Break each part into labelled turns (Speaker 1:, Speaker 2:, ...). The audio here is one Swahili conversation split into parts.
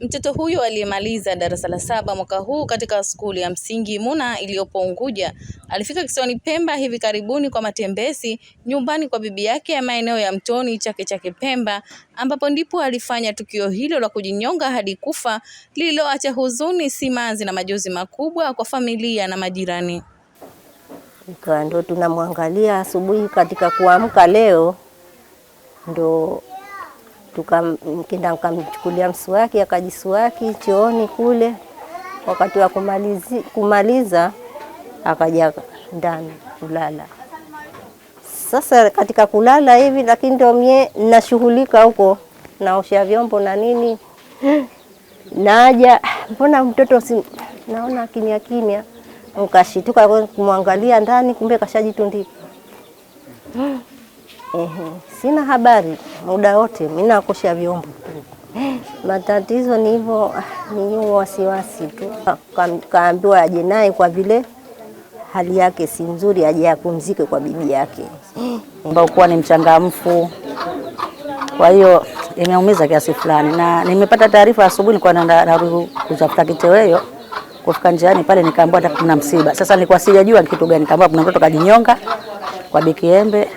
Speaker 1: Mtoto huyo aliyemaliza darasa la saba mwaka huu katika skuli ya msingi Muna iliyopo Unguja alifika kisiwani Pemba hivi karibuni kwa matembezi nyumbani kwa bibi yake ya maeneo ya Mtoni Chake Chake Pemba, ambapo ndipo alifanya tukio hilo la kujinyonga hadi kufa lililoacha huzuni, simanzi na majonzi makubwa kwa familia na majirani.
Speaker 2: Ndio tunamwangalia asubuhi katika kuamka leo ndo Tukamkenda nkamchukulia mswaki, akajiswaki chooni kule. Wakati wa kumalizi, kumaliza akaja ndani kulala. Sasa katika kulala hivi, lakini ndio mie nashughulika huko, naosha vyombo na nini, naja mbona mtoto si naona kimya kimya, nkashituka kumwangalia ndani, kumbe kashajitundika. Hmm sina habari muda wote, mimi nakosha vyombo. Matatizo ni hivyo, ni wasiwasi tu. Kaambiwa aje naye kwa vile hali yake si nzuri, aje apumzike kwa bibi yake
Speaker 3: ambao kuwa ni mchangamfu. Kwa hiyo imeumiza kiasi fulani, na nimepata taarifa asubuhi, nilikuwa narudi kutafuta kiteweyo, kufika njiani pale nikaambiwa kuna msiba. Sasa nilikuwa sijajua kitu gani, nikaambiwa kuna mtoto kajinyonga kwa Bikiembe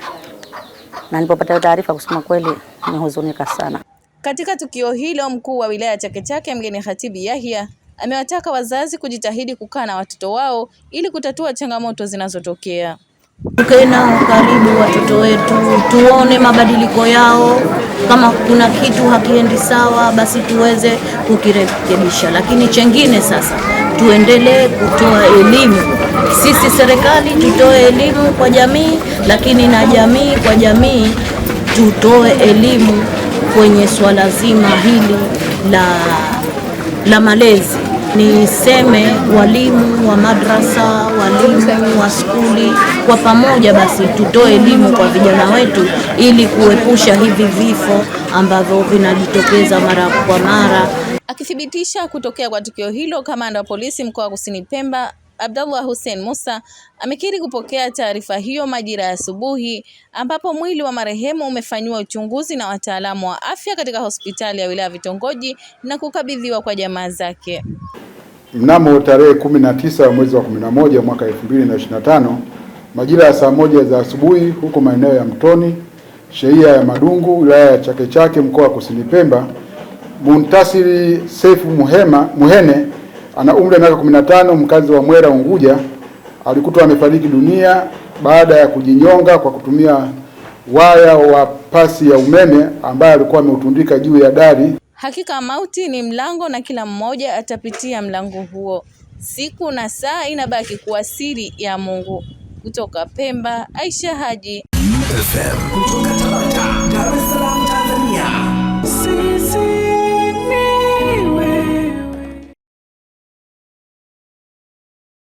Speaker 3: na nilipopata taarifa, kusema kweli nimehuzunika sana.
Speaker 1: Katika tukio hilo, mkuu wa wilaya Chake Chake mgeni Khatibu Yahya amewataka wazazi kujitahidi kukaa na watoto wao ili kutatua changamoto zinazotokea.
Speaker 4: Tukae nao karibu watoto wetu, tuone mabadiliko yao. Kama kuna kitu hakiendi sawa, basi tuweze kukirekebisha, lakini chengine sasa tuendelee kutoa elimu sisi serikali tutoe elimu kwa jamii, lakini na jamii kwa jamii tutoe elimu kwenye swala zima hili la, la malezi. Niseme walimu wa madrasa, walimu wa skuli, kwa pamoja basi tutoe elimu kwa vijana wetu ili kuepusha hivi vifo ambavyo vinajitokeza mara kwa mara.
Speaker 1: Akithibitisha kutokea kwa tukio hilo, kamanda wa polisi mkoa wa Kusini Pemba Abdallah Hussein Musa amekiri kupokea taarifa hiyo majira ya asubuhi, ambapo mwili wa marehemu umefanyiwa uchunguzi na wataalamu wa afya katika hospitali ya wilaya Vitongoji na kukabidhiwa kwa jamaa zake.
Speaker 5: Mnamo tarehe 19 mwezi wa 11 mwaka 2025 majira ya saa moja za asubuhi huko maeneo ya Mtoni, shehia ya Madungu, wilaya ya Chake Chake, mkoa wa Kusini Pemba, Muntasiri seifu Muhema Muhene ana umri wa miaka 15, mkazi wa Mwera Unguja, alikutwa amefariki dunia baada ya kujinyonga kwa kutumia waya wa pasi ya umeme ambaye alikuwa ameutundika juu ya dari.
Speaker 1: Hakika mauti ni mlango na kila mmoja atapitia mlango huo. Siku na saa inabaki kuwa siri ya Mungu. Kutoka Pemba, Aisha Haji FM.